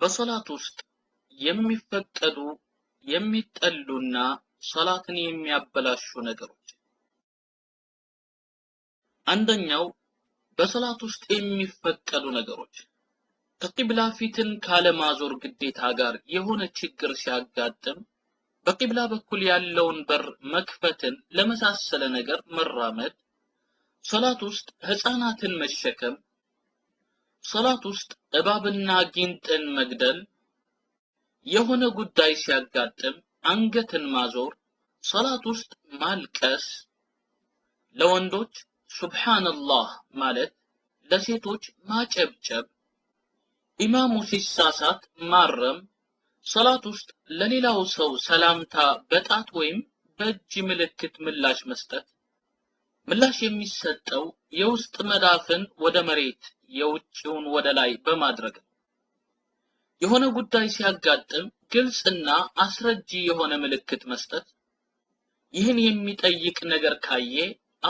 በሰላት ውስጥ የሚፈቀዱ የሚጠሉና ሰላትን የሚያበላሹ ነገሮች አንደኛው በሰላት ውስጥ የሚፈቀዱ ነገሮች ከቂብላ ፊትን ካለማዞር ግዴታ ጋር የሆነ ችግር ሲያጋጥም በቂብላ በኩል ያለውን በር መክፈትን ለመሳሰለ ነገር መራመድ፣ ሰላት ውስጥ ህፃናትን መሸከም ሰላት ውስጥ እባብና ጊንጥን መግደል፣ የሆነ ጉዳይ ሲያጋጥም አንገትን ማዞር፣ ሰላት ውስጥ ማልቀስ፣ ለወንዶች ሱብሃንአላህ ማለት፣ ለሴቶች ማጨብጨብ፣ ኢማሙ ሲሳሳት ማረም፣ ሰላት ውስጥ ለሌላው ሰው ሰላምታ በጣት ወይም በእጅ ምልክት ምላሽ መስጠት ምላሽ የሚሰጠው የውስጥ መዳፍን ወደ መሬት የውጭውን ወደ ላይ በማድረግ ነው። የሆነ ጉዳይ ሲያጋጥም ግልጽና አስረጂ የሆነ ምልክት መስጠት፣ ይህን የሚጠይቅ ነገር ካየ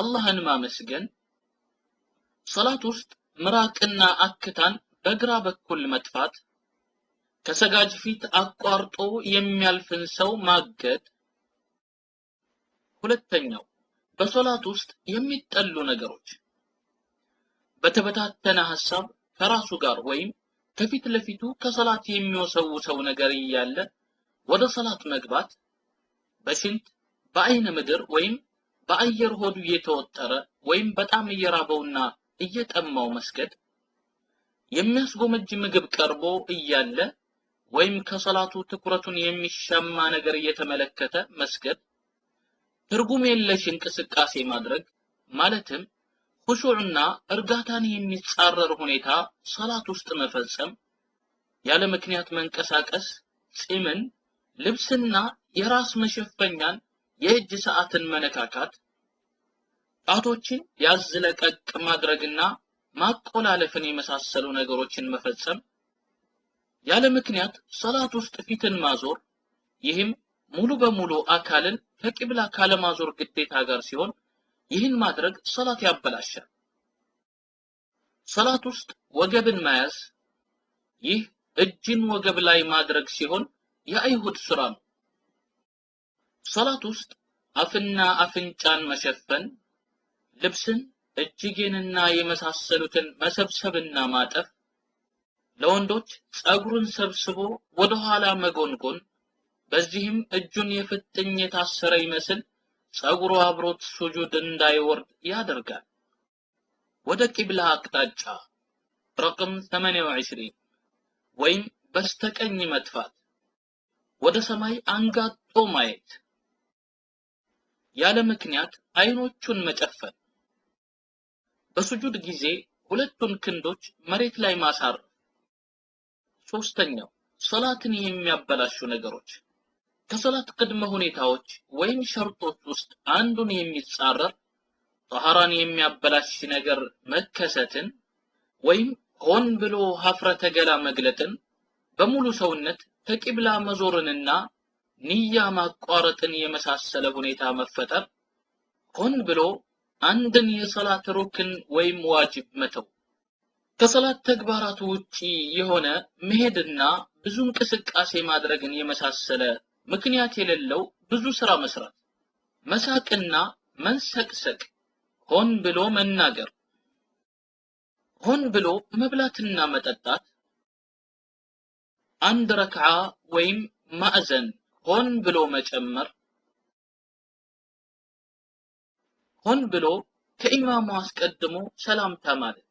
አላህን ማመስገን፣ ሶላት ውስጥ ምራቅና አክታን በግራ በኩል መጥፋት፣ ከሰጋጅ ፊት አቋርጦ የሚያልፍን ሰው ማገድ። ሁለተኛው በሶላት ውስጥ የሚጠሉ ነገሮች በተበታተነ ሐሳብ ከራሱ ጋር ወይም ከፊት ለፊቱ ከሰላት የሚወሰውሰው ነገር እያለ ወደ ሰላት መግባት፣ በሽንት በአይነ ምድር ወይም በአየር ሆዱ እየተወጠረ ወይም በጣም እየራበውና እየጠማው መስገድ፣ የሚያስጎመጅ ምግብ ቀርቦ እያለ ወይም ከሰላቱ ትኩረቱን የሚሻማ ነገር እየተመለከተ መስገድ ትርጉም የለሽ እንቅስቃሴ ማድረግ ማለትም ሁሹዕና እርጋታን የሚጻረር ሁኔታ ሰላት ውስጥ መፈጸም፣ ያለ ምክንያት መንቀሳቀስ፣ ጺምን፣ ልብስና የራስ መሸፈኛን የእጅ ሰዓትን መነካካት፣ ጣቶችን ያዝለቀቅ ማድረግና ማቆላለፍን የመሳሰሉ ነገሮችን መፈጸም፣ ያለ ምክንያት ሰላት ውስጥ ፊትን ማዞር፣ ይህም ሙሉ በሙሉ አካልን ከቂብላ ካለማዞር ግዴታ ጋር ሲሆን ይህን ማድረግ ሰላት ያበላሻል። ሰላት ውስጥ ወገብን መያዝ ይህ እጅን ወገብ ላይ ማድረግ ሲሆን የአይሁድ ስራ ነው። ሰላት ውስጥ አፍና አፍንጫን መሸፈን፣ ልብስን እጅጌንና የመሳሰሉትን መሰብሰብና ማጠፍ፣ ለወንዶች ፀጉርን ሰብስቦ ወደኋላ መጎንጎን በዚህም እጁን የፍጥኝ የታሰረ ይመስል ጸጉሩ አብሮት ሱጁድ እንዳይወርድ ያደርጋል። ወደ ቂብላ አቅጣጫ ረቅም 28 ወይም በስተቀኝ መጥፋት፣ ወደ ሰማይ አንጋጦ ማየት፣ ያለ ምክንያት አይኖቹን መጨፈን፣ በሱጁድ ጊዜ ሁለቱን ክንዶች መሬት ላይ ማሳረፍ። ሶስተኛው ሰላትን የሚያበላሹ ነገሮች ከሰላት ቅድመ ሁኔታዎች ወይም ሸርጦች ውስጥ አንዱን የሚጻረር ጦሃራን የሚያበላሽ ነገር መከሰትን ወይም ሆን ብሎ ሀፍረተ ገላ መግለጥን፣ በሙሉ ሰውነት ከቂብላ መዞርንና ንያ ማቋረጥን የመሳሰለ ሁኔታ መፈጠር፣ ሆን ብሎ አንድን የሰላት ሩክን ወይም ዋጅብ መተው፣ ከሰላት ተግባራት ውጪ የሆነ መሄድና ብዙ እንቅስቃሴ ማድረግን የመሳሰለ ምክንያት የሌለው ብዙ ስራ መስራት፣ መሳቅና መንሰቅሰቅ፣ ሆን ብሎ መናገር፣ ሆን ብሎ መብላትና መጠጣት፣ አንድ ረክዓ ወይም ማዕዘን ሆን ብሎ መጨመር፣ ሆን ብሎ ከኢማሙ አስቀድሞ ሰላምታ ማለት